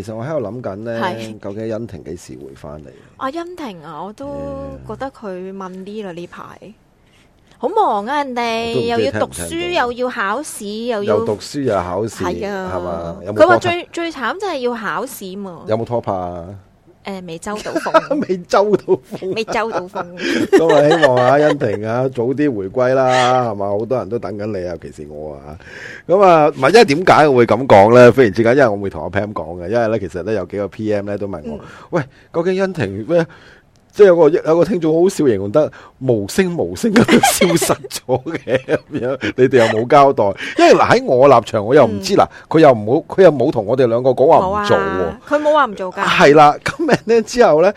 其實我喺度諗緊咧，是究竟欣婷幾時會回翻嚟？阿、啊、欣婷啊，我都覺得佢問啲啦呢排，好 Yeah. 忙啊，人哋又要讀書聽聽又要考試，又要又讀書又考試係啊，係嘛？佢話最最慘就係要考試嘛，有冇拖拍？誒，未收到風，未收到風，未收到風。咁啊， 希望啊，恩婷啊，早啲回歸啦，係嘛， 好多人都等緊你啊，尤其是我啊。咁啊，唔係，因為點解我會咁講咧？忽然之間，因為我會同阿 Pam 講嘅，因為咧，其實咧有幾個 P.M. 咧都問我，嗯、喂，究竟恩婷咩？即係有個有個聽眾好笑形容得無聲無聲咁樣消失咗嘅咁樣， 你哋又冇交代，因為喺我立場我又唔知嗱，佢、嗯、又冇佢又冇同我哋兩個講話唔做喎、啊，佢冇話唔做噶。係啦，今日咧之後咧，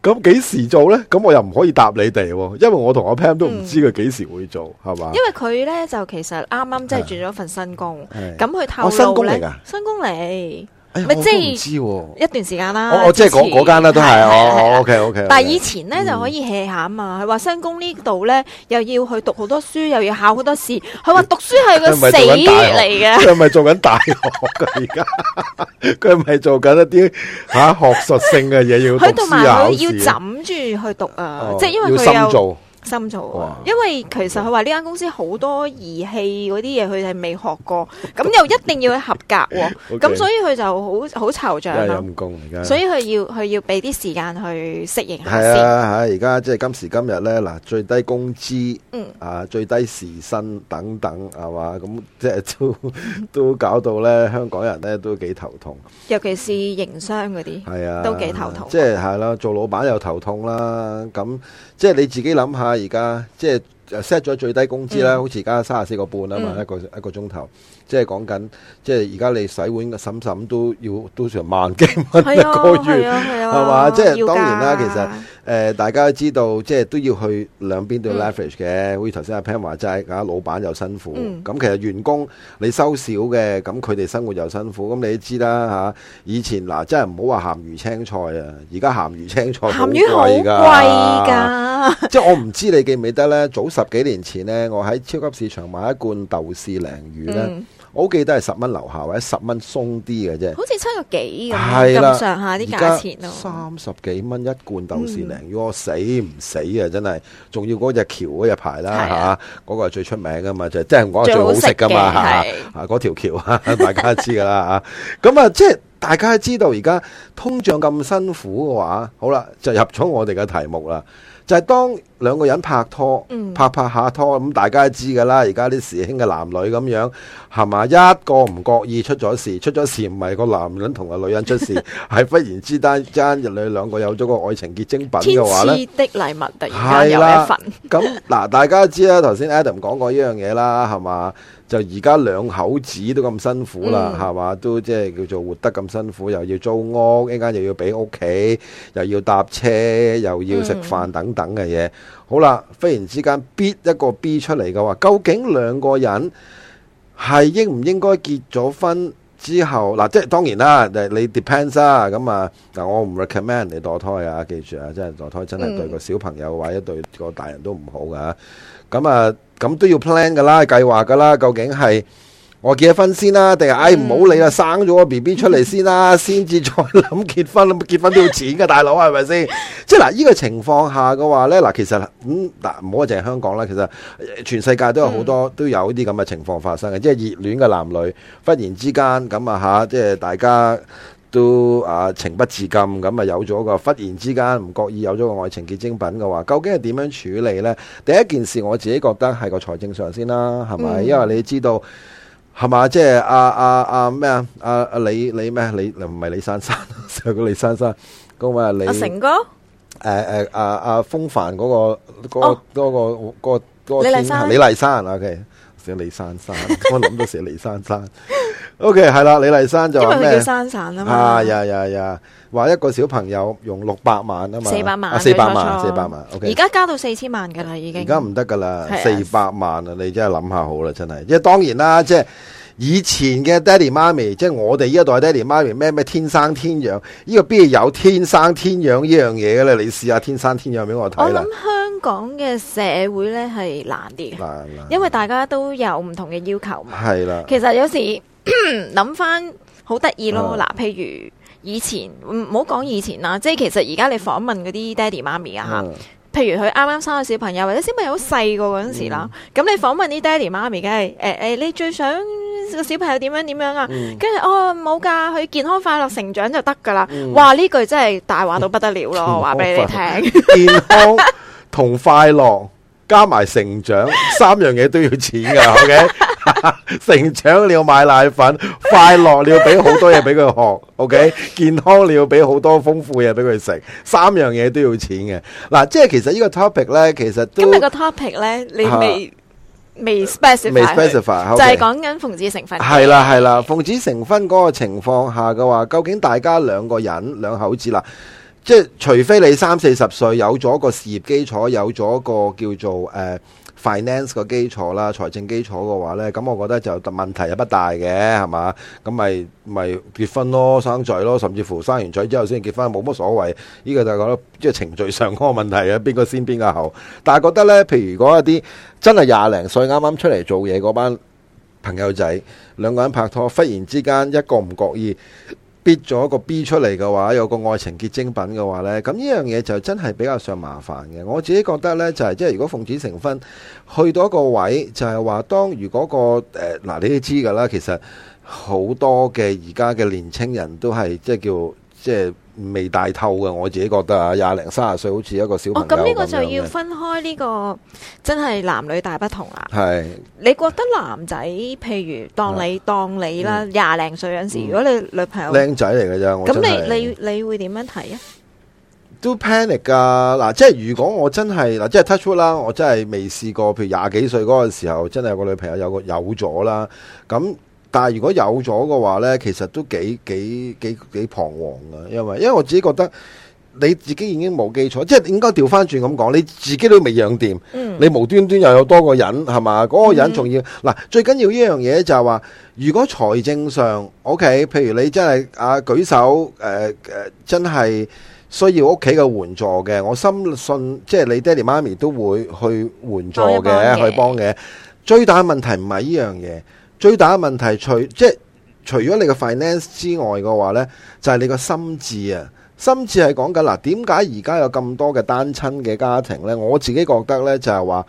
咁幾時做咧？咁我又唔可以答你哋，因為我同阿 Pam 都唔知佢幾時會做，係嘛、嗯吧？因為佢咧就其實啱啱即係轉咗份新工，咁新工嚟咧新工嚟。咪即係一段時間啦。我即係嗰嗰間啦，都係哦 O K O K。但係以前咧就可以 hea 下啊嘛。佢話新工呢度咧，又要去讀好多書，又要考好多試。佢話讀書係個死嚟嘅。佢係咪做緊大學噶？而家佢係咪做緊一啲吓學術性嘅嘢要？佢同埋要枕住去讀啊。即係因為佢要做。心做，因為其實佢話呢間公司好多儀器嗰啲嘢，佢係未學過，咁又一定要去合格，咁所以佢就好好惆悵陰功。所以佢要佢要俾啲時間去適應下先。係啊，吓而家即係今時今日咧，嗱最低工資，嗯啊最低時薪等等係嘛，咁即係都都搞到咧香港人咧都幾頭痛。尤其是營商嗰啲，係啊都幾頭痛。即係係啦，做老闆又頭痛啦，咁即係你自己諗下。而家即係 set 咗最低工資啦，嗯、好似而家三十四個半啊嘛，一個一個鐘頭。嗯即係講緊，即係而家你洗碗嘅嬸嬸都要都成萬幾蚊一個月，係啊，係嘛、啊？吧即係當然啦，加其實誒、呃、大家都知道，即係都要去兩邊都 leverage 嘅，好似頭先阿 Pan 話齋，咁啊老闆又辛苦，咁、嗯、其實員工你收少嘅，咁佢哋生活又辛苦，咁你都知啦嚇。以前嗱、呃、真係唔好話鹹魚青菜啊，而家鹹魚青菜好貴㗎，貴 即係我唔知你記唔記得呢？早十幾年前呢，我喺超級市場買一罐豆豉鯪魚呢。嗯嗯。我好記得係十蚊樓下或者十蚊鬆啲嘅啫，好似七個幾咁上下啲價錢三十幾蚊一罐豆豉鯪魚，如果、嗯、死唔死的啊，真係仲要嗰隻橋嗰隻牌啦吓，嗰個係最出名噶嘛，就即係我話最好食噶嘛吓吓嗰條橋啊,的啊條橋，大家知噶啦吓。咁 啊，即係大家知道而家通脹咁辛苦嘅話，好啦，就入咗我哋嘅題目啦。就係當兩個人拍拖，拍拍下拖咁，大家都知㗎啦。而家啲時興嘅男女咁樣係嘛，一個唔覺意出咗事，出咗事唔係個男人同個女人出事，係 忽然之間，之間你兩個有咗個愛情結晶品嘅話呢，天賜的禮物突然間有一份咁嗱啦， 大家知啦，頭先 Adam 講過依樣嘢啦，係嘛？就而家兩口子都咁辛苦啦，係嘛、嗯？都即係叫做活得咁辛苦，又要租屋，一間又要俾屋企，又要搭車，又要食飯等等嘅嘢。嗯、好啦，忽然之間，B 一個 B 出嚟嘅話，究竟兩個人係應唔應該結咗婚之後？嗱、啊，即係當然啦，你 depends 啊。咁啊，嗱，我唔 recommend 你墮胎啊，記住啊，真係墮胎真係對個小朋友、嗯、或者對個大人都唔好嘅、啊。咁啊，咁都要 plan 噶啦，計劃噶啦，究竟係我結咗婚先啦，定係唉唔好理啦，生咗個 BB 出嚟先啦，先至再諗結婚，咁結婚都要錢嘅大佬係咪先？是是 即係嗱，呢、這個情況下嘅話呢，嗱，其實嗱，唔好話淨係香港啦，其實全世界都有好多 都有啲咁嘅情況發生嘅，即係熱戀嘅男女忽然之間咁啊吓，即係大家。都啊情不自禁咁啊有咗個忽然之間唔覺意有咗個愛情結晶品嘅話，究竟係點樣處理呢？第一件事我自己覺得係個財政上先啦，係咪？嗯、因為你知道係嘛，即係阿阿阿咩啊，阿阿李李咩，李唔係李珊珊，係個李珊珊，嗰位啊李，阿、啊、成哥，誒誒阿阿風帆嗰、嗰個嗰嗰、嗰個嗰、啊嗰個、嗰個嗰個、李麗珊，李麗珊李珊珊，我諗到時李珊珊，OK 係啦、啊，李麗珊就因為佢叫山散啊嘛，呀呀呀，話、啊 yeah, yeah, yeah. 一個小朋友用六百萬啊嘛，四百萬，四百、啊、萬，四百萬，OK，而家加到四千萬噶啦，已經而家唔得噶啦，四百萬啊，你真係諗下好啦，真係，即係當然啦，即、就、係、是。以前嘅爹地媽咪，即係我哋呢一代爹地媽咪，咩咩天生天養？呢個邊有天生天養呢樣嘢嘅咧？你試下天生天養俾我睇啦。我諗香港嘅社會咧係難啲，難了因為大家都有唔同嘅要求嘛。係啦了，其實有時諗返好得意咯。嗱、嗯，譬如以前唔好講以前啦，即係其實而家你訪問嗰啲爹地媽咪啊嚇。嗯譬如佢啱啱生個小朋友，或者小朋友好細個嗰陣時啦，咁、嗯、你訪問啲爹哋媽咪，梗係誒誒，你最想個小朋友點樣點樣啊？跟住、嗯、哦，冇噶，佢健康快樂成長就得噶啦。嗯、哇，呢句真係大話到不得了咯，話俾、嗯、你聽。健康同 快樂加埋成長， 三樣嘢都要錢噶。OK。 成長了買奶粉， 快樂了俾好多嘢俾佢學，OK？ 健康了俾好多豐富嘢俾佢食，三樣嘢都要錢嘅。嗱、啊，即係其實呢個 topic 呢，其實都今日個 topic 呢，你未、啊、未 special，未 specify 就係講緊奉子成婚。係啦係啦，奉子成婚嗰個情況下嘅話，究竟大家兩個人兩口子嗱，即係除非你三四十歲有咗個事業基礎，有咗個叫做誒。呃 Finance 個基礎啦，財政基礎嘅話呢，咁我覺得就問題又不大嘅，係嘛？咁咪咪結婚咯，生仔咯，甚至乎生完仔之後先結婚，冇乜所謂。呢、這個就係講即係程序上嗰個問題啊，邊個先邊個後。但係覺得呢，譬如如果一啲真係廿零歲啱啱出嚟做嘢嗰班朋友仔，兩個人拍拖，忽然之間一個唔覺意。憋咗個 B 出嚟嘅話，有個愛情結晶品嘅話呢，咁呢樣嘢就真係比較上麻煩嘅。我自己覺得呢，就係、是、即係如果奉子成婚去到一個位，就係、是、話當如果個誒嗱、呃，你都知㗎啦，其實好多嘅而家嘅年輕人都係即係叫即係。未大透嘅，我自己覺得啊，廿零三十歲好似一個小朋友咁樣，哦，咁呢個就要分開呢、呢個真係男女大不同啦。係是，你覺得男仔譬如當你、啊、當你啦，廿零、嗯、歲嗰陣時，如果你女朋友靚仔嚟嘅啫。咁、嗯、你你你，你會點樣睇啊？都 panic 㗎！嗱，即係如果我真係嗱，即係 touch wood 啦，我真係未試過。譬如廿幾歲嗰陣時候，真係個女朋友有個有咗啦，咁。但係如果有咗嘅話呢，其實都幾幾幾幾彷徨噶，因為因為我自己覺得你自己已經冇基礎，即係應該調翻轉咁講，你自己都未養掂，嗯、你無端端又有多個人係嘛？嗰、嗰個人仲要嗱、嗯，最緊要呢樣嘢就係話，如果財政上 OK，譬如你真係啊舉手誒誒、呃，真係需要屋企嘅援助嘅，我深信即係你爹哋媽咪都會去援助嘅去幫嘅。幫最大問題唔係呢樣嘢。嗯最大嘅問題，除即係除咗你嘅 finance 之外嘅話呢，就係、是、你個心智啊！心智係講緊嗱，點解而家有咁多嘅單親嘅家庭呢？我自己覺得呢，就係話，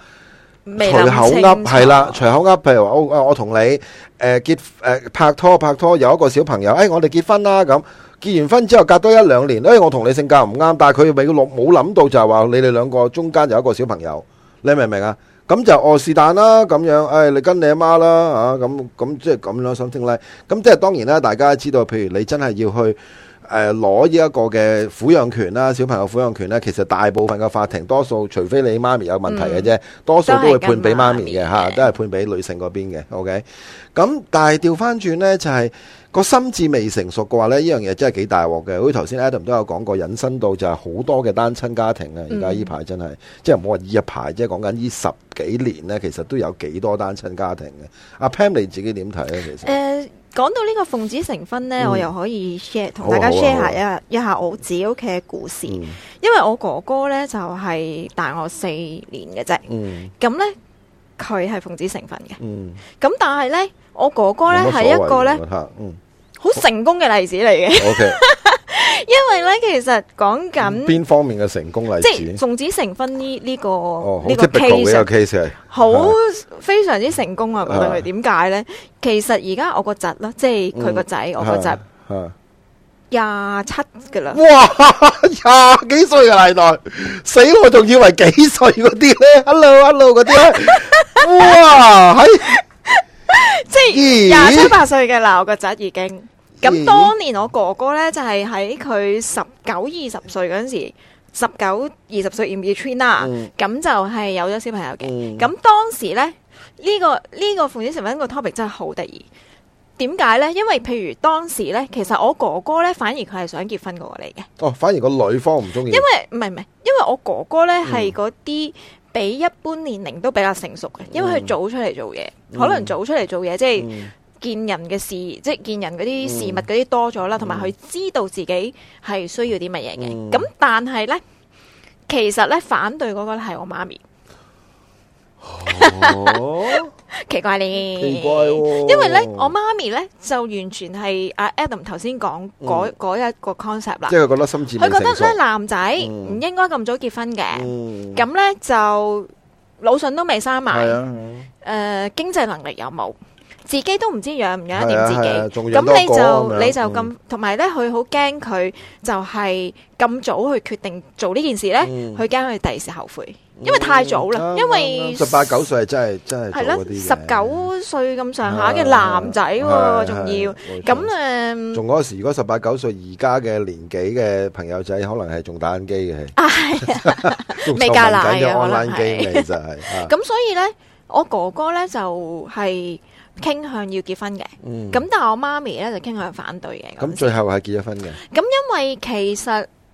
隨口噏係啦，隨口噏。譬如我我同你誒、呃、結誒、呃、拍拖，拍拖有一個小朋友，誒、哎、我哋結婚啦咁。結完婚之後，隔多一兩年，誒、哎、我同你性格唔啱，但係佢未要落冇諗到就係話你哋兩個中間有一個小朋友，你明唔明啊？咁就哦是但啦，咁樣，哎，你跟你阿媽啦，啊，咁咁即係咁樣心聲咧。咁即係當然咧，大家知道，譬如你真係要去誒攞依一個嘅撫養權啦，小朋友撫養權咧，其實大部分嘅法庭多數，除非你媽咪有問題嘅啫，多數都會判俾媽咪嘅，嚇，都係判俾女性嗰邊嘅。OK，咁但係調翻轉咧就係。個心智未成熟嘅話呢，呢樣嘢真係幾大鑊嘅。好似頭先 Adam 都有講過，引申到就係好多嘅單親家庭啊！而家呢排真係，嗯、即係唔好話呢一排，即係講緊呢十幾年呢，其實都有幾多單親家庭嘅。阿 Pam 你自己點睇呢？其實誒，講到呢個奉子成婚呢，嗯、我又可以 share 同，嗯、大家 share 一下一下我自己屋企嘅故事。嗯、因為我哥哥呢，就係、是、大我四年嘅啫，咁、嗯嗯、呢，佢係奉子成婚嘅，咁、嗯、但係呢。我哥哥咧，係一個咧，嗯，好成功嘅例子嚟嘅。因為咧，其實講緊邊方面嘅成功例子，即係奉子成婚呢呢個呢個 case，好非常之成功啊！點解咧？其實而家我個侄啦，即係佢個仔，我個侄廿七㗎喇，哇，廿幾歲嘅後代，死我仲以為幾歲嗰啲咧？Hello，Hello 嗰啲，哇，係。即係廿七八歲嘅啦，我個仔已經。咁當年我哥哥呢，就係喺佢十九二十歲嗰陣時，十九二十歲入入 trainer，咁就係有咗小朋友嘅。咁、嗯、當時咧呢、這個呢、這個奉子成婚個 topic 真係好得意。點解呢？因為譬如當時呢，其實我哥哥呢，反而佢係想結婚過我哋嘅。哦，反而個女方唔中意。因為唔係唔係，因為我哥哥呢，係嗰啲。比一般年齡都比較成熟嘅，因為佢早出嚟做嘢，可能早出嚟做嘢，即係見人嘅事，即係見人嗰啲事物嗰啲多咗啦，同埋佢知道自己係需要啲乜嘢嘅。咁但係呢，其實呢，反對嗰個係我媽咪。奇怪咧，因為咧，我媽咪咧就完全係阿 Adam 頭先講嗰一個 concept 啦。即係覺得心智，佢覺得咧男仔唔應該咁早結婚嘅。咁咧就腦筍都未生埋，誒，經濟能力有冇？自己都唔知養唔養得掂自己。咁你就你就咁，同埋咧，佢好驚佢就係咁早去決定做呢件事咧，佢驚佢第二時後悔。因為太早啦，因為十八九歲真係真係早嗰啲，十九歲咁上下嘅男仔喎，仲要咁誒。仲嗰時如果十八九歲，而家嘅年紀嘅朋友仔，可能係仲打緊機嘅，未戒奶嘅安樂機其實係。咁所以咧，我哥哥咧就係傾向要結婚嘅，咁但係我媽咪咧就傾向反對嘅。咁最後係結咗婚嘅。咁因為其實。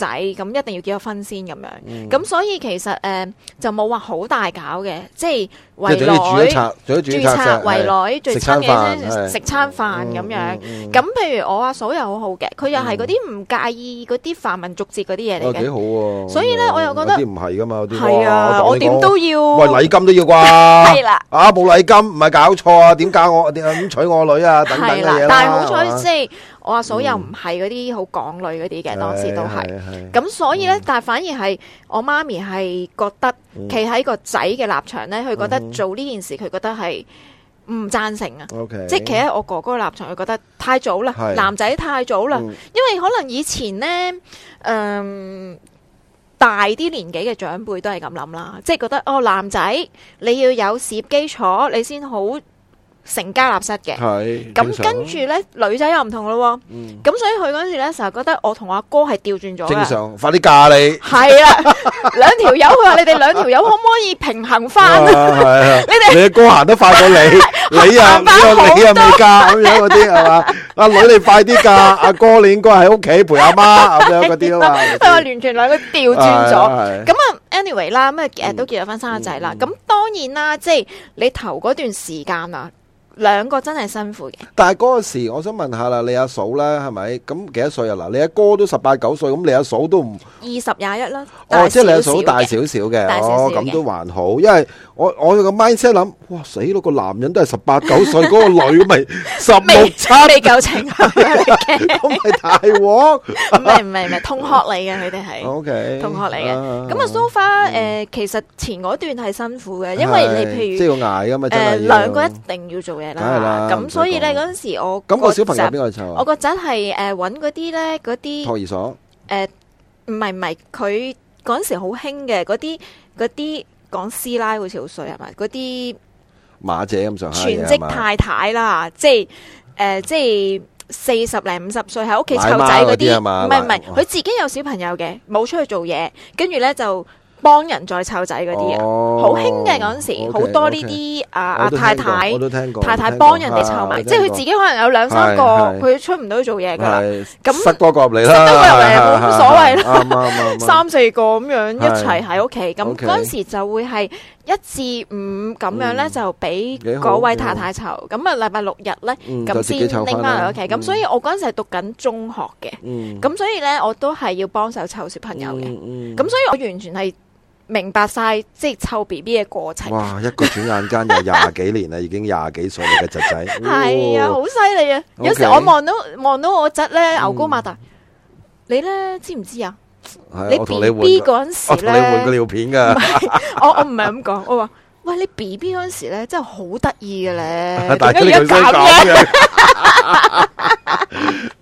仔咁一定要結咗婚先咁樣，咁、嗯嗯、所以其實誒、uh, 就冇話好大搞嘅，即係。為女註冊為女，最慘嘅咧食餐飯咁樣。咁譬如我阿嫂又好好嘅，佢又係嗰啲唔介意嗰啲繁文縟節嗰啲嘢，嚟嘅。幾好喎！所以咧，我又覺得嗰啲唔係噶嘛，我點都要喂禮金都要啩？係啦，啊冇禮金唔係搞錯啊？點搞我？點娶我女啊？等等嘅嘢啦。係啦，但係好彩即係我阿嫂又唔係嗰啲好港女嗰啲嘅，當時都係。咁所以咧，但係反而係我媽咪係覺得企喺個仔嘅立場咧，佢覺得。做呢件事佢覺得係唔贊成啊，Okay. 即係企喺我哥哥立場，佢覺得太早啦，是男仔太早啦，會 因為可能以前呢，嗯、呃，大啲年紀嘅長輩都係咁諗啦，即係覺得哦，男仔你要有事業基礎，你先好，成家立室嘅，咁跟住咧，女仔又唔同咯，咁所以佢嗰陣時咧成日覺得我同阿哥係調轉咗。正常，快啲嫁你。係啊，兩條友，佢話你哋兩條友可唔可以平衡翻？你哋，你阿哥行得快過你，你啊唔夠你啊你嫁咁樣嗰啲係嘛？阿女你快啲嫁，阿哥你應該喺屋企陪阿媽咁樣嗰啲啊嘛。即係完全兩個調轉咗，咁啊。Anyway 啦，咁啊誒都結咗婚、生咗仔啦，咁、嗯嗯、當然啦，即係你頭嗰段時間啦。兩個真係辛苦嘅，但係嗰時我想問下啦，你阿嫂咧係咪咁幾多歲啊？嗱，你阿哥都十八九歲，咁你阿嫂都唔二十廿一咯。哦，即係你阿嫂大少少嘅，哦，咁都還好，因為我我個 mindset 即係諗，哇死咯，個男人都係十八九歲，嗰個女咪十六七未夠秤嘅，咁係大鑊，唔係唔係唔係同學嚟嘅，佢哋係，OK，同學嚟嘅。咁啊 so far，誒，其實前嗰段係辛苦嘅，因為你譬如要挨噶嘛，誒，兩個一定要做嘢。梗係啦，咁所以咧嗰陣時我咁個小朋友邊個湊啊？我個仔係誒搵嗰啲咧，嗰、呃、啲托兒所。誒、呃，唔係唔係，佢嗰陣時好興嘅，嗰啲嗰啲講師奶好似好衰係咪？嗰啲馬姐咁上全職太太啦吧、呃，即係誒，即係四十零五十歲喺屋企湊仔嗰啲，唔係唔係，佢自己有小朋友嘅，冇出去做嘢，跟住咧就。就幫人再湊仔嗰啲啊，好興嘅嗰陣時，好多呢啲啊啊太太太太幫人哋湊埋，即係佢自己可能有兩三個，佢出唔到去做嘢噶啦，咁塞多個入嚟啦，塞多個入嚟冇所謂啦，三四個咁樣一齊喺屋企，咁嗰陣時就會係一至五咁樣咧，就俾嗰位太太湊，咁啊禮拜六日咧，咁先拎翻嚟屋企，咁所以我嗰陣時係讀緊中學嘅，咁所以咧我都係要幫手湊小朋友嘅，咁所以我完全係。明白晒，即係湊 B B 嘅過程。哇！一個轉眼間有廿幾年啦，已經廿幾歲嘅侄仔。係啊，好犀利啊！有時我望到望到我侄咧，牛高馬大，你咧知唔知啊？你 B B 嗰陣時咧，我同你換過尿片噶。我我唔係咁講，我話喂，你 B B 嗰陣時咧，真係好得意嘅咧，有乜嘢搞嘅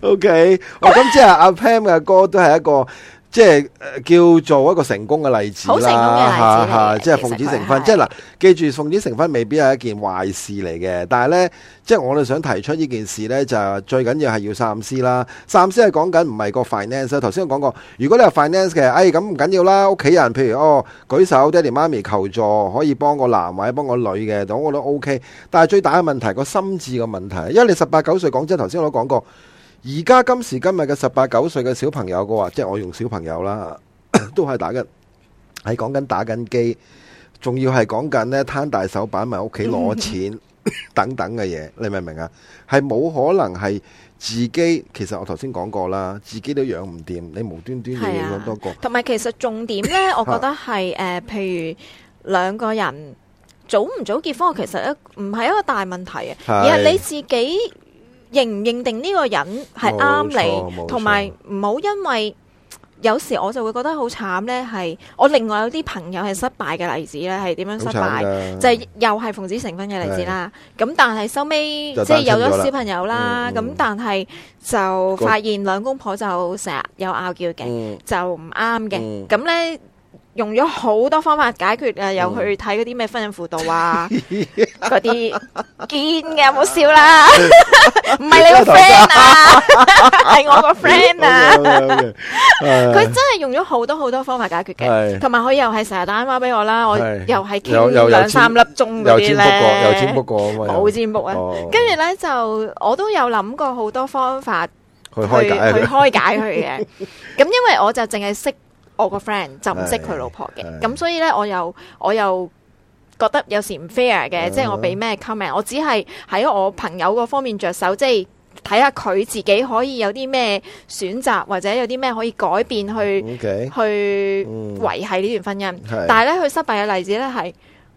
？O K，我今朝阿 Pam 嘅歌都係一個。即係叫做一個成功嘅例子啦，子哈哈，即係奉子成婚。即係嗱，記住奉子成婚未必係一件壞事嚟嘅。但係呢，即係我哋想提出呢件事呢，就最緊要係要三思啦。三思係講緊唔係個 finance。頭先我講過，如果你有 finance 嘅，哎咁唔緊要啦。屋企人，譬如哦舉手，爹哋媽咪求助，可以幫個男或者幫個女嘅，咁我都 OK。但係最大嘅問題個心智嘅問題，因為你十八九歲講真，頭先我都講過。而家今時今日嘅十八九歲嘅小朋友嘅話，即係我用小朋友啦， 都係打緊，係講緊打緊機，仲要係講緊呢，攤大手板，咪屋企攞錢等等嘅嘢，嗯、你明唔明啊？係冇可能係自己，其實我頭先講過啦，自己都養唔掂，你無端端要養多個，同埋、啊、其實重點呢，我覺得係誒、呃，譬如兩個人早唔早結婚，嗯、其實咧唔係一個大問題啊，而係你自己。認唔認定呢個人係啱你，同埋唔好，因為有時我就會覺得好慘呢係我另外有啲朋友係失敗嘅例子咧，係點樣失敗，就係、是、又係奉子成婚嘅例子啦。咁的但係收尾即係有咗小朋友啦，咁、嗯嗯、但係就發現兩公婆就成日有拗撬嘅，嗯、就唔啱嘅，咁呢、嗯。嗯用咗好多方法解決啊！又去睇嗰啲咩婚姻輔導啊，嗰啲堅嘅，唔好笑啦！唔 係你個 friend 啊，係 我個 friend 啊！佢、okay, okay, okay, uh, 真係用咗好多好多方法解決嘅，同埋佢又係成日打電話俾我啦， 我又係傾兩三粒鐘嗰啲咧，有占卜過冇占卜啊！跟住咧就我都有諗過好多方法去去開解佢嘅，咁 因為我就淨係識。我個 friend 就唔識佢老婆嘅，咁所以呢，我又我又覺得有時唔 fair 嘅，嗯、即係我俾咩 comment，我只係喺我朋友嗰方面着手，即係睇下佢自己可以有啲咩選擇，或者有啲咩可以改變去 Okay 去維係呢段婚姻。嗯、但係呢，佢失敗嘅例子呢，係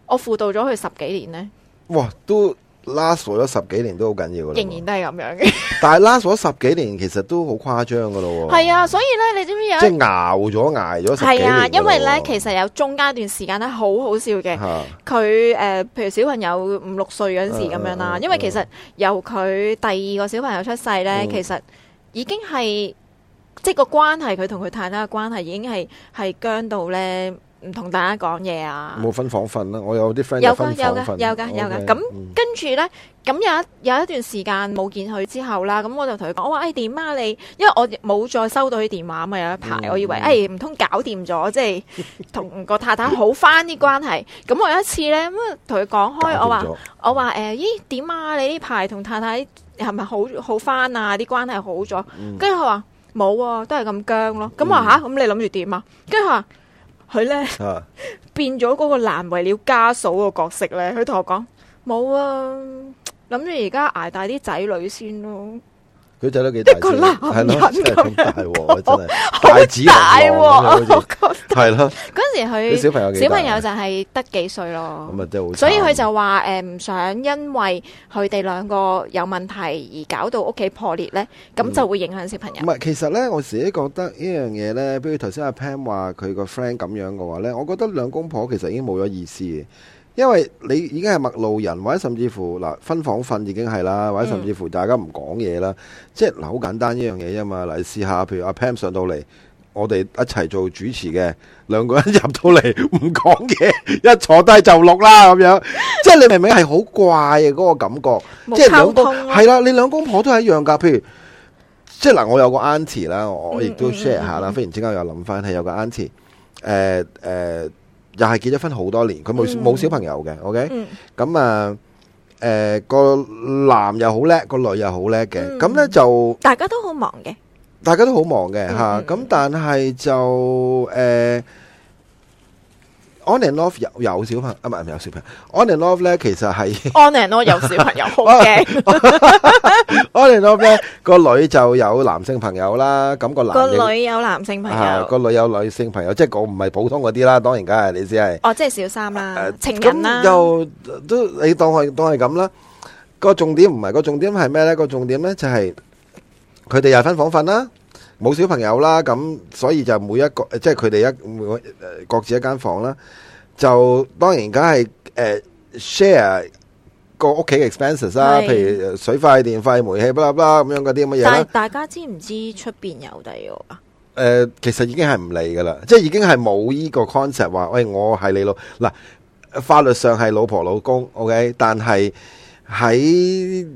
我輔導咗佢十幾年呢。哇！都～拉鎖咗十幾年都好緊要，仍然都係咁樣嘅。但係拉鎖咗十幾年其實都好誇張噶咯。係啊，所以咧，你知唔知有即係熬咗挨咗十幾年，係啊，因為咧，其實有中間段時間咧，好好笑嘅。佢誒是、啊呃，譬如小朋友五六歲嗰時咁樣啦，啊啊啊啊啊因為其實由佢第二個小朋友出世咧，嗯、其實已經係即係個關係，佢同佢太太嘅關係已經係係僵到咧。唔同大家講嘢啊！冇分房瞓啦，我有啲 friend 有分房瞓。有嘅有嘅咁、嗯、跟住咧，咁有一有一段時間冇見佢之後啦，咁我就同佢講：我話誒點啊你？因為我冇再收到佢電話，咁啊有一排我以為誒唔通搞掂咗，即係同個太太好翻啲關係。咁 我有一次咧咁啊同佢講開，我話我話誒、哎、咦點啊你呢排同太太係咪好好翻啊啲關係好咗？跟住佢話，冇喎，都係咁僵咯。咁我話吓，咁你諗住點啊？跟住佢話。啊啊啊佢咧變咗嗰個難為了家嫂個角色咧，佢同我講：冇啊，諗住而家捱大啲仔女先咯。佢仔都幾大個啦，係咯，真係大子大係咯。嗰時佢小朋友小朋友，就係得幾歲咯，咁啊，真係好。所以佢就話誒，唔想因為佢哋兩個有問題而搞到屋企破裂咧，咁就會影響小朋友。唔係，其實咧，我自己覺得呢樣嘢咧，比如頭先阿 Pam 話佢個 friend 咁樣嘅話咧，我覺得兩公婆其實已經冇咗意思嘅。因為你已經係陌路人，或者甚至乎嗱，分房瞓已經係啦，或者甚至乎大家唔講嘢啦，嗯、即係好簡單一樣嘢啫嘛。嗱，試下譬如阿 Pam 上到嚟，我哋一齊做主持嘅兩個人入到嚟唔講嘢，一坐低就錄啦咁樣，即係你明明係好怪嘅嗰、嗰個感覺， 即係兩公係啦，你兩公婆都係一樣噶。譬如即係嗱，我有個 auntie 啦，我亦都 share 下啦，忽然之間又諗翻係有個 auntie，誒誒又係結咗婚好多年，佢冇冇小朋友嘅，OK，咁、嗯、啊，誒、呃、個男又好叻，個女又好叻嘅，咁、嗯、呢就大家都好忙嘅，大家都好忙嘅吓，咁、嗯啊、但係就誒。呃 On and off 有有小朋友，啊唔係唔係有小朋友。On and off 咧，其實係 On and off 有小朋友好嘅。On and off 咧，個女就有男性朋友啦，咁個男個女有男性朋友，個女有女性朋友，即係講唔係普通嗰啲啦，當然梗係你知係。哦，即係小三啦，情人啦，又都你當係當係咁啦。個重點唔係個重點係咩咧？個重點咧就係佢哋又分房瞓啦。冇小朋友啦，咁所以就每一個，即係佢哋一每一個各自一間房啦，就當然而家係誒 share 個屋企 expenses 啦，是譬如水費、電費、煤氣不啦不啦咁樣嗰啲乜嘢。但係大家知唔知出邊有地喎？誒、呃，其實已經係唔理噶啦，即係已經係冇依個 concept 話，喂，我係你老嗱，法律上係老婆老公，OK，但係喺。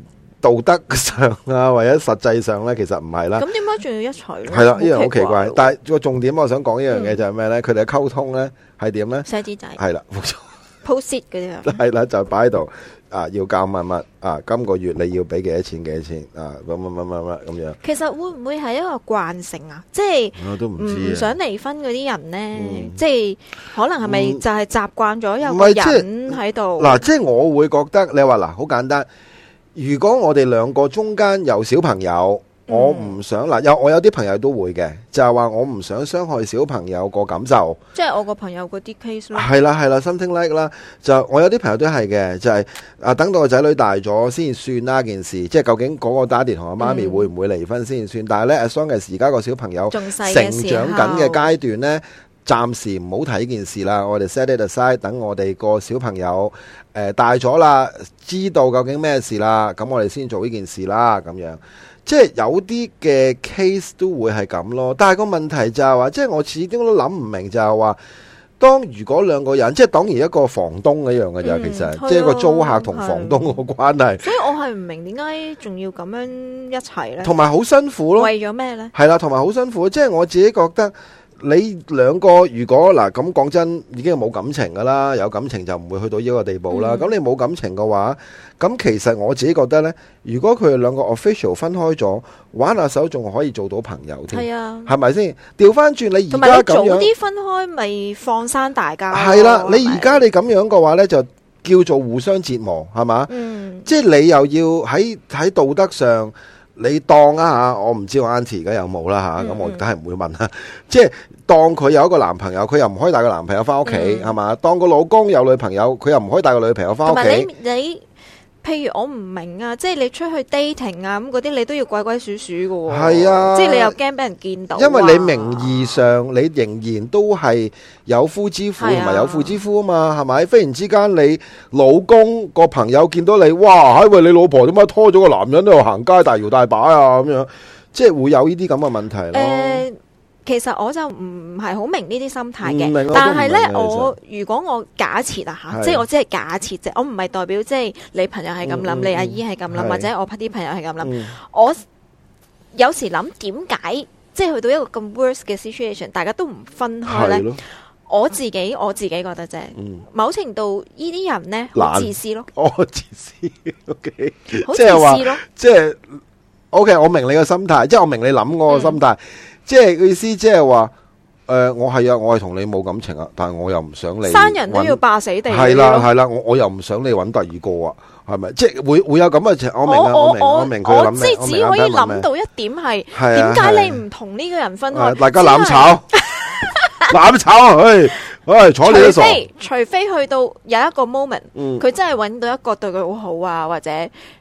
道德上啊，或者實際上咧，其實唔係啦。咁點解仲要一齊？係啦，呢樣好奇怪。但係個重點，我想講一樣嘢就係咩咧？佢哋嘅溝通咧係點咧？手指仔係啦，冇錯，post 嗰啲啊，係啦，就擺喺度啊，要教乜乜啊？今個月你要俾幾多錢幾多錢啊？乜乜乜乜。咁樣。其實會唔會係一個慣性啊？即係我都唔知。唔想離婚嗰啲人咧，即係可能係咪就係習慣咗有個人喺度？嗱，即係我會覺得你話嗱，好簡單。如果我哋兩個中間有小朋友，我唔想嗱，有我有啲朋友都會嘅，就係話我唔想傷害小朋友個感受。即係我個朋友嗰啲 case 啦。係啦係啦，something like 啦，就我有啲朋友都係嘅，就係啊，等到個仔女大咗先算啦件事。即係究竟嗰個爹哋同阿媽咪會唔會離婚先算？嗯、但係呢，誒，雙嘅時，而家個小朋友仲細嘅時候，成長緊嘅階段呢。暫時唔好睇呢件事啦，我哋 set it aside，等我哋個小朋友誒大咗啦，知道究竟咩事啦，咁我哋先做呢件事啦，咁樣即係有啲嘅 case 都會係咁咯。但係個問題就係話，即係我始終都諗唔明就係話，當如果兩個人即係當於一個房東一樣嘅咋，其實即係一個租客同房東個關係。所以我係唔明點解仲要咁樣一齊咧？同埋好辛苦咯。為咗咩咧？係啦，同埋好辛苦，即係我自己覺得。你兩個如果嗱咁講真，已經係冇感情噶啦，有感情就唔會去到呢個地步啦。咁你冇感情嘅話，咁其實我自己覺得呢，如果佢哋兩個 official 分開咗，玩下手仲可以做到朋友添。係啊，係咪先？調翻轉你而家咁樣，同埋你早啲分開咪放生大家。係啦，你而家你咁樣嘅話呢，就叫做互相折磨，係嘛？嗯，即係你又要喺喺道德上。你當啊嚇，我唔知有有、嗯、我 auntie 而家有冇啦嚇，咁我梗係唔會問啦。即係當佢有一個男朋友，佢又唔可以帶個男朋友翻屋企係嘛？當個老公有女朋友，佢又唔可以帶個女朋友翻屋企。譬如我唔明啊，即係你出去 dating 啊咁嗰啲，你都要鬼鬼祟祟噶喎、啊,啊、即係你又驚俾人見到。因為你名義上哇你仍然都係有夫之婦同埋有婦之夫啊嘛，係咪、啊？忽然之間你老公個朋友見到你，哇！哎喂，你老婆點解拖咗個男人喺度行街大搖大擺啊？咁樣即係會有呢啲咁嘅問題咯。欸其實我就唔係好明呢啲心態嘅，但係呢，我如果我假設啊吓，即係我只係假設啫，我唔係代表即係你朋友係咁諗，你阿姨係咁諗，或者我啲朋友係咁諗。我有時諗點解，即係去到一個咁 worse 嘅 situation，大家都唔分開呢？我自己我自己覺得啫，某程度呢啲人呢，好自私咯，我自私。OK，即係話，即係 OK，我明你個心態，即係我明你諗我個心態。即係意思，即係話，誒，我係啊，我係同你冇感情啊，但係我又唔想你生人都要霸死地，係啦係啦，我我又唔想你揾第二個啊，係咪？即係會會有咁嘅情，我明啦，我明佢諗，即係只可以諗到一點係，點解你唔同呢個人分啊？大家攬炒，攬炒，去，去坐你都傻。除非除非去到有一個 moment，佢真係揾到一個對佢好好啊，或者。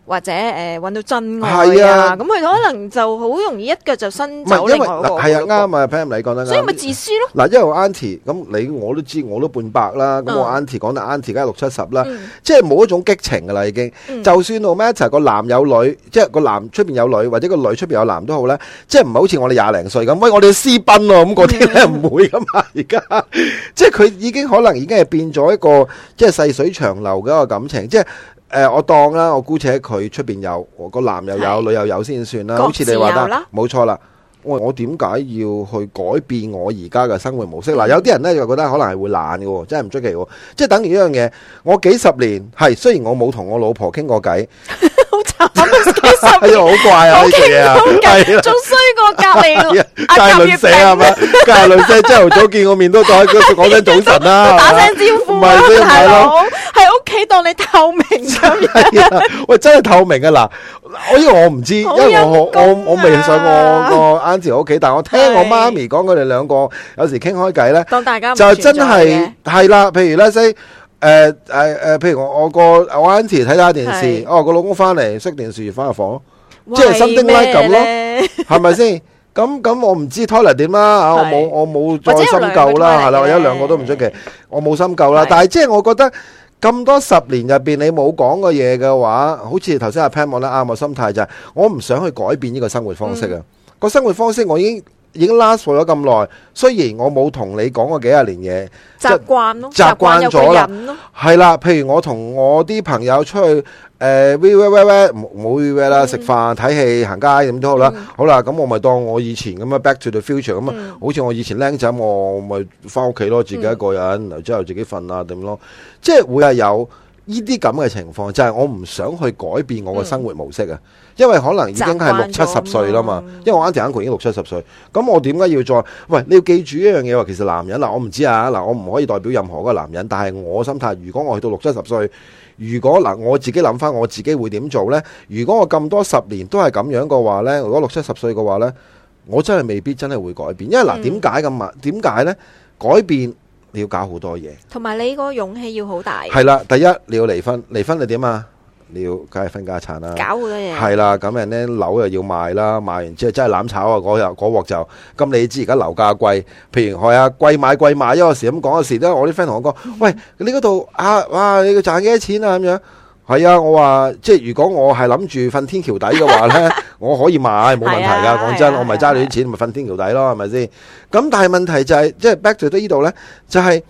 或者誒揾、呃、到真愛啊，咁佢可能就好容易一腳就伸走另外嗰個。係啊，啱啊 Peter 你講得啱。所以咪自私咯。嗱，因為 auntie 咁你我都知我都半百啦，咁我 auntie 講得 auntie 梗係六七十啦，嗯、即係冇一種激情嘅啦已經。嗯、就算同埋一齊個男有女，即係個男出邊有女，或者個女出邊有男都好咧，即係唔係好似我哋廿零歲咁，喂，我哋私奔咯咁嗰啲咧唔會噶嘛而家。即係佢已經可能已經係變咗一個即係細水長流嘅一個感情，即係。誒、呃，我當啦，我姑且佢出邊有個男又有是女又有先算啦，啦好似你話得，冇錯啦。我我點解要去改變我而家嘅生活模式？嗱、嗯，有啲人呢，又覺得可能係會懶嘅，真係唔出奇。即係等於一樣嘢，我幾十年係雖然我冇同我老婆傾過偈。 我唔知十，係啊好怪啊，呢件嘢啊，係啦，仲衰過隔籬。隔籬嗰死係咪？隔籬嗰即係朝頭早見我面都當一個講聲早晨啦，打聲招呼。唔係咯，係屋企當你透明咁。喂，真係透明啊！嗱，我以為我唔知，因為我我我未上我個阿芝屋企，但我聽我媽咪講佢哋兩個有時傾開偈咧，當大家就真係係啦。譬如咧，即係。誒誒誒，譬如我我個 auntie 睇下電視，哦個老公翻嚟熄電視，翻入房，即係心定啦咁咯，係咪先？咁咁我唔知 toilet 點啦，吓我冇我冇再深究啦，係啦，一兩個都唔出奇，我冇深究啦。但係即係我覺得咁多十年入邊你冇講過嘢嘅話，好似頭先阿 Pan 講得啱，我心態就係我唔想去改變呢個生活方式啊，個生活方式我已經。已經 last for 咗咁耐，雖然我冇同你講過幾十年嘢，習慣咯，習慣咗啦，係啦。譬如我同我啲朋友出去，誒喂喂喂喂，冇喂喂啦，食、呃嗯嗯、飯、睇戲、行街咁都好啦。嗯、好啦，咁我咪當我以前咁啊，back to the future 咁啊，嗯、好似我以前僆仔，我咪返屋企咯，自己一個人，嗯、之後自己瞓啊，咁咯，即係會係有。呢啲咁嘅情況就係我唔想去改變我嘅生活模式啊，因為可能已經係六七十歲啦嘛。因為我啱啱講已經六七十歲，咁我點解要再？喂，你要記住一樣嘢喎。其實男人嗱，我唔知啊嗱，我唔可以代表任何一個男人，但係我心態，如果我去到六七十歲，如果嗱我自己諗翻我自己會點做咧？如果我咁多十年都係咁樣嘅話咧，如果六七十歲嘅話咧，我真係未必真係會改變，因為嗱點解咁啊？點解咧？改變？你要搞好多嘢，同埋你個勇氣要好大。係啦，第一你要離婚，離婚你點啊？你要梗係分家產啦。搞好多嘢係啦，咁人咧，樓又要賣啦，賣完之後真係攬炒啊！嗰日嗰鑊就咁，你知而家樓價貴，譬如係啊貴買貴買，因為時咁講嗰時，都為我啲 friend 同我講，嗯、喂你嗰度啊哇，你要賺幾多錢啊咁樣。係啊，我話即係如果我係諗住瞓天橋底嘅話呢， 我可以買冇問題噶。講、 啊、真，啊啊啊、我咪揸你啲錢，咪瞓天橋底咯，係咪先？咁但係問題就係、是，即、就、係、是、back to 到呢度呢，就係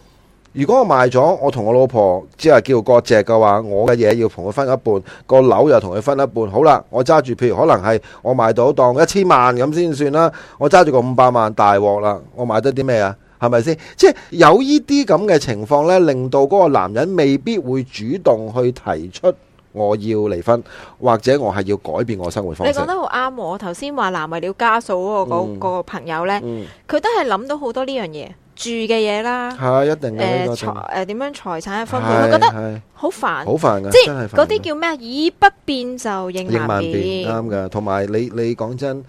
如果我賣咗，我同我老婆即係叫割席嘅話，我嘅嘢要同佢分一半，個樓又同佢分一半。好啦，我揸住，譬如可能係我賣到當一千萬咁先算啦。我揸住個五百萬大鑊啦，我買得啲咩啊？係咪先？即係有依啲咁嘅情況咧，令到嗰個男人未必會主動去提出我要離婚，或者我係要改變我生活方式。你講得好啱。我頭先話難為了家嫂嗰個個朋友咧，佢都係諗到好多呢樣嘢，住嘅嘢啦，係啊，一定嘅呢個財誒，點樣財產嘅分配？佢覺得好煩，好煩噶，真係煩。即係嗰啲叫咩？以不變就應萬變，啱噶。同埋你你講真，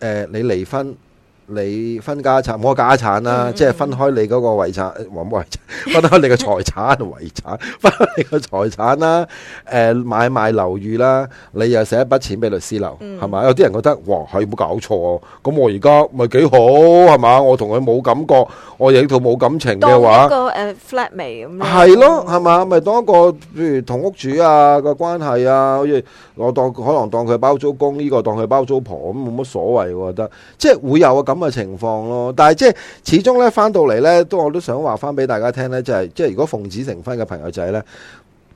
誒，你離婚。你分家產，冇家產啦、啊，嗯、即係分開你嗰個遺產，冇遺產，分開你嘅財產遺、啊、產，分開你嘅財產啦。誒，買賣樓宇啦，你又寫一筆錢俾律師樓，係咪、嗯？有啲人覺得，哇，佢、哎、冇搞錯、啊，咁我而家咪幾好係嘛？我同佢冇感覺，我影套冇感情嘅話，當一、那個 uh, flatmate 咁，係咯，係嘛？咪、嗯、當一個，譬如同屋主啊個關係啊，好似我當可能當佢包租公，呢、這個當佢包租婆，咁冇乜所謂，我覺得，即係會有個感。咁嘅情況咯，但係即係始終呢翻到嚟呢，都我都想話翻俾大家聽呢，就係、是、即係如果奉子成婚嘅朋友仔呢，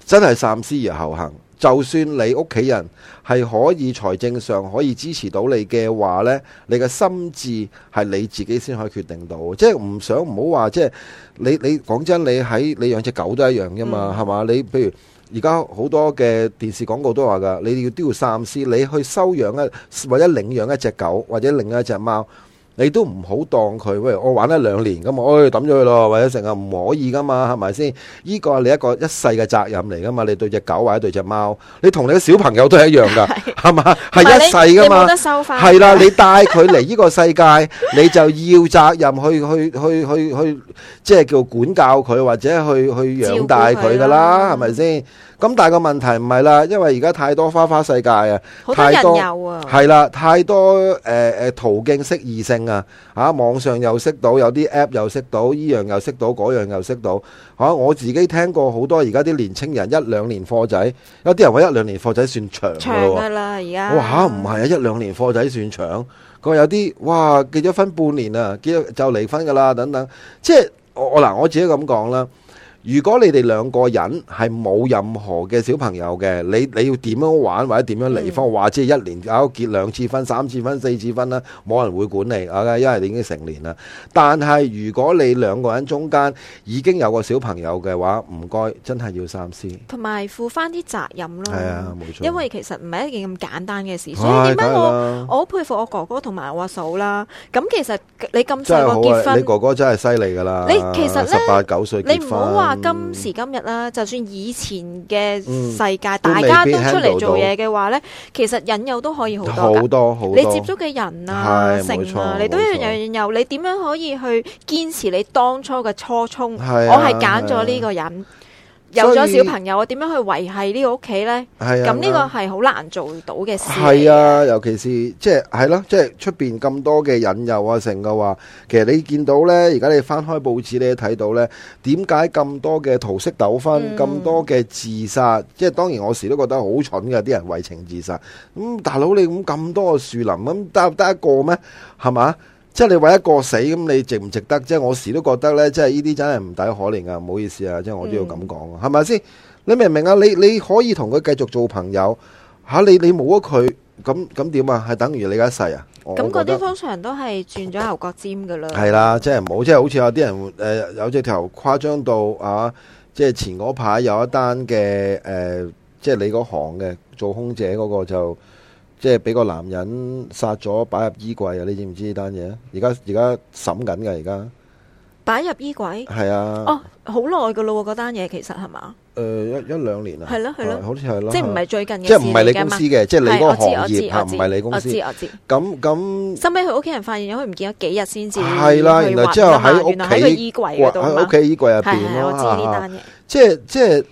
真係三思而後行。就算你屋企人係可以財政上可以支持到你嘅話呢，你嘅心智係你自己先可以決定到。即係唔想唔好話，即係你你講真，你喺你養隻狗都一樣啫嘛，係嘛、嗯？你譬如而家好多嘅電視廣告都話噶，你哋要都要三思，你去收養一或者領養一隻狗或者領養一隻貓。你都唔好當佢，喂，我玩得兩年咁，我去抌咗佢咯，或者成日唔可以噶嘛，係咪先？呢個係你一個一世嘅責任嚟噶嘛，你對隻狗或者對隻貓，你同你嘅小朋友都係一樣噶，係嘛？係一世噶嘛？係啦，你帶佢嚟呢個世界，你就要責任去去去去去，即係叫管教佢或者去去養大佢噶啦，係咪先？咁但係個問題唔係啦，因為而家太多花花世界啊，太多係啦，太多誒誒途徑識異性。啊！嚇，網上又識到，有啲 App 又識到，依樣又識到，嗰樣又識到。嚇、啊，我自己聽過好多，而家啲年青人一兩年貨仔，有啲人話一兩年貨仔算長，長嘅啦。而家哇，唔係啊，一兩年貨仔算長。佢話有啲哇結咗婚半年啊，結咗就離婚噶啦，等等。即係我嗱，我自己咁講啦。如果你哋兩個人係冇任何嘅小朋友嘅，你你要點樣玩或者點樣離婚？或者係一年搞結兩次婚、三次婚、四次婚啦，冇人會管你啊！因為你已經成年啦。但係如果你兩個人中間已經有個小朋友嘅話，唔該，真係要三思。同埋負翻啲責任咯。係啊，冇錯。因為其實唔係一件咁簡單嘅事，所以點解我我好佩服我哥哥同埋我阿嫂啦。咁其實你咁細個結婚，你哥哥真係犀利噶啦！你其實十八九歲結婚。今時今日啦，就算以前嘅世界，嗯、大家都出嚟做嘢嘅話呢，其實引誘都可以好多，好多。好多你接觸嘅人啊、性是啊，錯你都一樣有引誘。錯你點樣可以去堅持你當初嘅初衷？啊、我係揀咗呢個人。有咗小朋友，我點樣去維繫呢個屋企咧？咁呢個係好難做到嘅事。係啊，尤其是即係係咯，即係出邊咁多嘅引誘啊，成個話，其實你見到咧，而家你翻開報紙，你都睇到咧，點解咁多嘅桃色糾紛，咁多嘅自殺？即係當然，我時都覺得好蠢嘅，啲人為情自殺。咁大佬，你咁咁多樹林，咁得唔得一個咩？係嘛？即係你為一個死咁，你值唔值得？即係我時都覺得咧，即係呢啲真係唔抵可憐噶，唔好意思啊！即係我都要咁講，係咪先？你明唔明啊？你你可以同佢繼續做朋友，吓你你冇咗佢，咁咁點啊？係、啊、等於你一世啊？咁嗰啲通常都係轉咗牛角尖噶啦。係啦，即係冇，即係好似有啲人誒，有只頭誇張到啊！即係前嗰排有一單嘅誒，即係、呃、你嗰行嘅、呃、做空姐嗰個就。即係俾個男人殺咗，擺入衣櫃啊！你知唔知呢單嘢？而家而家審緊嘅，而家擺入衣櫃係啊。哦，好耐噶咯，嗰單嘢其實係嘛？誒，一一兩年啊。係咯，係咯，好似係咯。即係唔係最近嘅，即係唔係你公司嘅，即係你嗰個行業唔係你公司。我知我知。咁咁。收尾佢屋企人發現咗，佢唔見咗幾日先至係啦。原來之後喺屋企喺衣櫃喺屋企衣櫃入邊。係我知呢單嘢。即係即係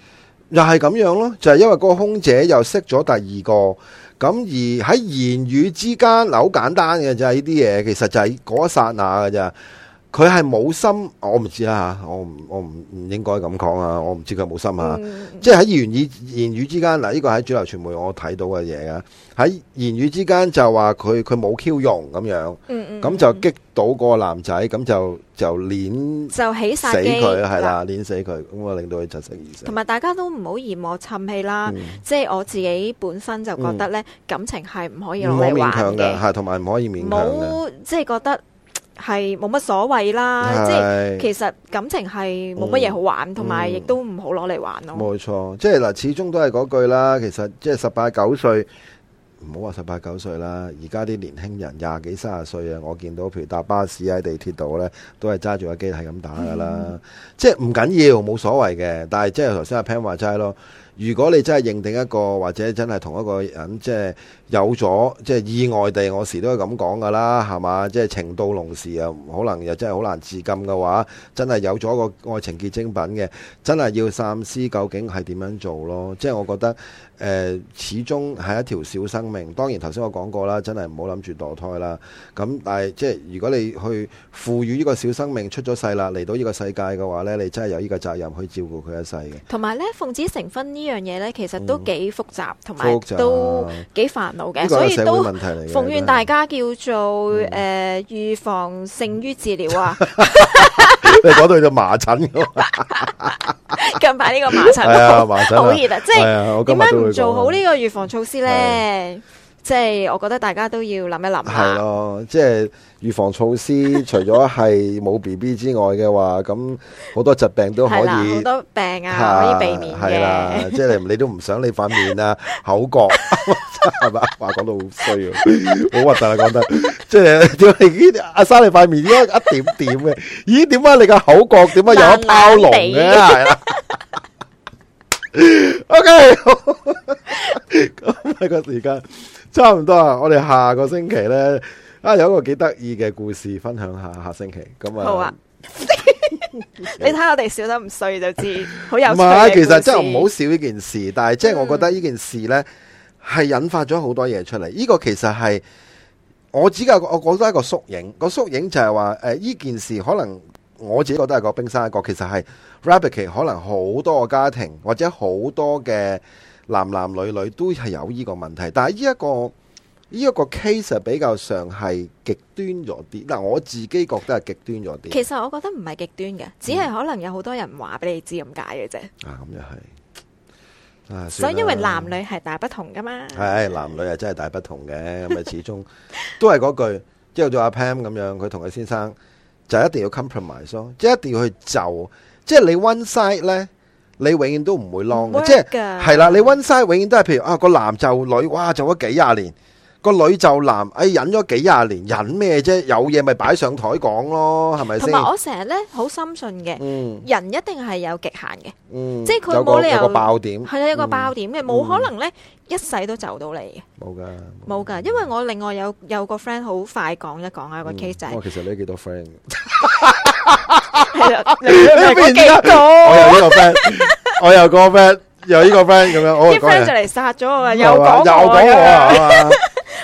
又係咁樣咯，就係因為嗰個空姐又識咗第二個。咁而喺言語之間，嗱，好簡單嘅就係呢啲嘢，其實就係嗰一剎那㗎咋。佢係冇心，我唔知啦嚇，我唔我唔唔應該咁講、嗯、啊，我唔知佢冇心啊，即係喺言語言語之間嗱，呢、呢個喺主流傳媒我睇到嘅嘢啊，喺言語之間就話佢佢冇 Q 用咁樣，咁、嗯嗯、就激到個男仔，咁就就碾，就,就起殺機，了嗯、死佢係啦，碾死佢，咁啊令到佢窒息而死。同埋大家都唔好嫌我沉氣啦，即係、嗯、我自己本身就覺得呢、嗯、感情係唔可以攞嚟玩嘅，嚇，同埋唔可以勉強嘅，即係、就是、覺得。係冇乜所謂啦，是即係其實感情係冇乜嘢好玩，同埋亦都唔好攞嚟玩咯、嗯。冇、嗯、錯，即係嗱，始終都係嗰句啦。其實即係十八九歲，唔好話十八九歲啦。而家啲年輕人廿幾三十歲啊，我見到譬如搭巴士喺地鐵度呢，都係揸住個機係咁打噶啦。嗯、即係唔緊要，冇所謂嘅。但係即係頭先阿 Pan 話齋咯，如果你真係認定一個或者真係同一個人，即係。有咗即係意外地，我時都係咁講㗎啦，係嘛？即係情到濃時又可能又真係好難自禁嘅話，真係有咗一個愛情結晶品嘅，真係要三思，究竟係點樣做咯？即係我覺得誒、呃，始終係一條小生命。當然頭先我講過啦，真係唔好諗住墮胎啦。咁但係即係如果你去賦予呢個小生命出咗世啦，嚟到呢個世界嘅話呢，你真係有呢個責任去照顧佢一世嘅。同埋呢，奉子成婚呢樣嘢呢，其實都幾複雜，同埋都幾煩問題所以都奉勸大家叫做誒，預、嗯呃、防勝於治療啊！你講到去到麻疹，近排呢個麻疹，哎、麻疹 好熱啊！即係點解唔做好呢個預防措施咧？哎即係我覺得大家都要諗一諗啦。係咯， 即係預防措施，除咗係冇 B B 之外嘅話，咁好多疾病都可以。好 多病啊， 可以避免嘅。即係、 就是、你都唔想你塊面啊，口角係嘛？話講到好衰，好核突啊！講得即係、就是，咦？阿生你塊面一一點點嘅，咦？點解你個口角點解有一泡膿嘅冷 ？OK，咁係個時間。 差唔多啊！我哋下個星期呢，啊有一個幾得意嘅故事分享下。下星期咁、嗯、好啊， 你睇我哋笑得唔衰就知，好有趣唔係，其實真係唔好笑呢件事，但係即係我覺得呢件事呢，係引發咗好多嘢出嚟。呢、嗯、個其實係我只係我覺得係一個縮影。個縮影就係話誒，呢、呃、件事可能我自己覺得係個冰山一角，其實係 Rabbit 可能好多個家庭或者好多嘅。男男女女都係有呢個問題，但係呢一個依一、這個 case 比較上係極端咗啲。嗱，我自己覺得係極端咗啲。其實我覺得唔係極端嘅，嗯、只係可能有好多人話俾你知咁解嘅啫。啊，咁又係。所以因為男女係大不同噶嘛。係、哎、男女係真係大不同嘅，咁啊 始終都係嗰句，即係做阿 Pam 咁樣，佢同佢先生就一定要 compromise 咯，即係一定要去就，即、就、係、是、你 one side 呢。你永遠都唔會 long 嘅，即係係啦。你 win side 永遠都係譬如啊，個男就女，哇就咗幾廿年，個女就男，哎忍咗幾廿年，忍咩啫？有嘢咪擺上台講咯，係咪先？同埋我成日咧好深信嘅，人一定係有極限嘅，即係佢冇理由個爆點，係啊有個爆點嘅，冇可能咧一世都就到你。冇噶冇噶，因為我另外有有個 friend，好快講一講啊個 case 仔。哇，其實你幾多 friend？又得到？我有呢個 friend，我有個 friend，有呢個 friend 咁樣，啲 friend 就嚟殺咗我啊！又講我，又講我啊！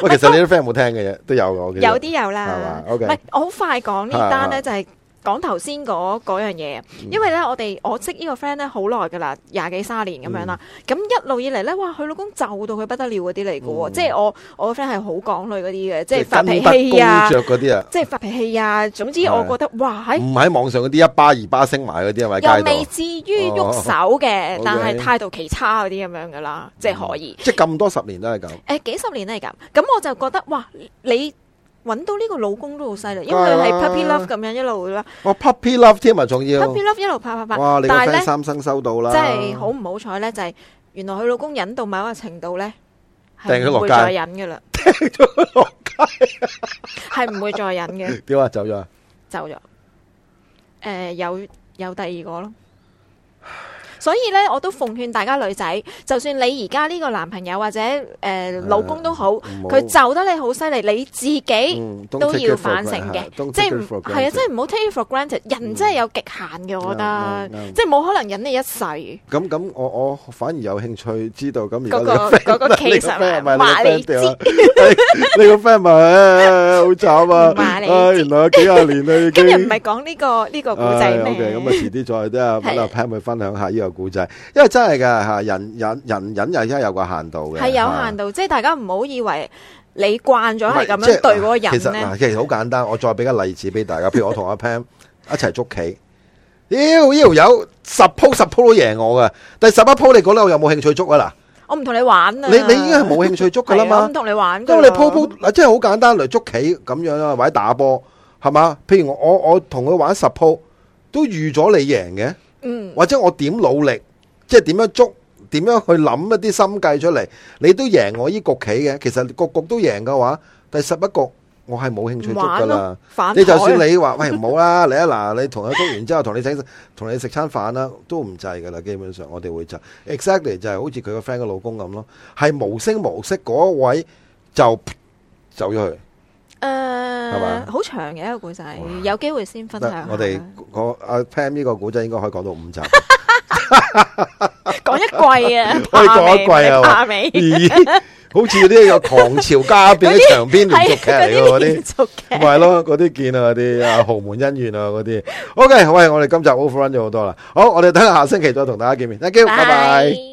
喂， 其實你啲 friend 有冇聽嘅嘢？都有嘅， 有啲有啦。係嘛？係我好快講呢單咧，就係、是。講頭先嗰嗰樣，嘢，因為咧我哋我識呢個 friend 咧好耐噶啦，廿幾卅年咁樣啦，咁、嗯、一路以嚟咧，哇佢老公就到佢不得了嗰啲嚟噶喎，即係我我個 friend 係好港女嗰啲嘅，即係發脾氣啊，啊即係發脾氣啊，總之我覺得的嘩哇喺唔係喺網上嗰啲一巴二巴升埋嗰啲啊，又未至於喐手嘅，哦 okay、但係態度奇差嗰啲咁樣噶啦，即係可以，嗯、即係咁多十年都係咁，誒幾十年都係咁，咁我就覺得哇你。揾到呢個老公都好犀利，因為係 Puppy Love 咁樣一路啦、啊。哦，Puppy Love 添，仲要。Puppy Love 一路拍拍拍。哇，你個三生收到啦。即係好唔好彩咧，就係、是、原來佢老公忍到某個程度咧，係唔會再忍嘅啦。跌咗落街，係唔會再忍嘅。點啊？走咗啊？走咗。誒、呃，有有第二個咯。所以咧，我都奉勸大家女仔，就算你而家呢個男朋友或者誒老公都好，佢就得你好犀利，你自己都要反省嘅，即係係啊，即係唔好 take it for granted，人真係有極限嘅，我覺得，即係冇可能忍你一世。咁咁，我我反而有興趣知道咁。嗰個嗰個其實係話你知，你個 friend 咪好慘啊！原來幾廿年啦，已經。今日唔係講呢個呢個古仔咩？咁啊，遲啲再啲啊，揾阿 Pat 咪分享下依個，古仔，因為真係噶吓，人人忍忍，又而家有個限度嘅，係有限度，啊、即係大家唔好以為你慣咗係咁樣是對嗰個人，其實嗱，其實好簡單。 我再俾個例子俾大家，譬如我同阿 Pam 一齊捉棋，屌呢條友十鋪十鋪都贏我嘅，但係十鋪你估咧，我有冇興趣捉啦，我唔同你玩啊！你你已經係冇興趣捉噶啦嘛，唔同、 啊、你玩，因為你鋪鋪嗱，即係好簡單，嚟捉棋咁樣啊，或者打波係嘛？譬如我我我同佢玩十鋪，都預咗你贏嘅。嗯，或者我點努力，即係點樣捉，點樣去諗一啲心計出嚟，你都贏我依局棋嘅。其實局局都贏嘅話，第十一局我係冇興趣捉噶啦。反你就算你話喂唔好啦，你一嗱，你同佢捉完之後同你請，同你食餐飯啦，都唔制噶啦。基本上我哋會就 exactly 就係好似佢個 friend 個老公咁咯，係無聲無息嗰位就走咗去。誒，係咪、uh,，好 長嘅一、這個故仔，oh, 有機會先分享。我哋、啊、個阿 Pam 呢個古仔應該可以講到五集，講 一季啊， 可以講一季啊，下尾、 哦欸，好似啲有,有唐朝家變嘅長篇連續劇嚟嘅嗰啲，唔係咯嗰啲見啊嗰啲啊豪門恩怨啊嗰啲。OK，喂，我哋今集 all friend 咗好多啦，好，我哋等下星期再同大家見面，阿 Jo，拜拜。Bye.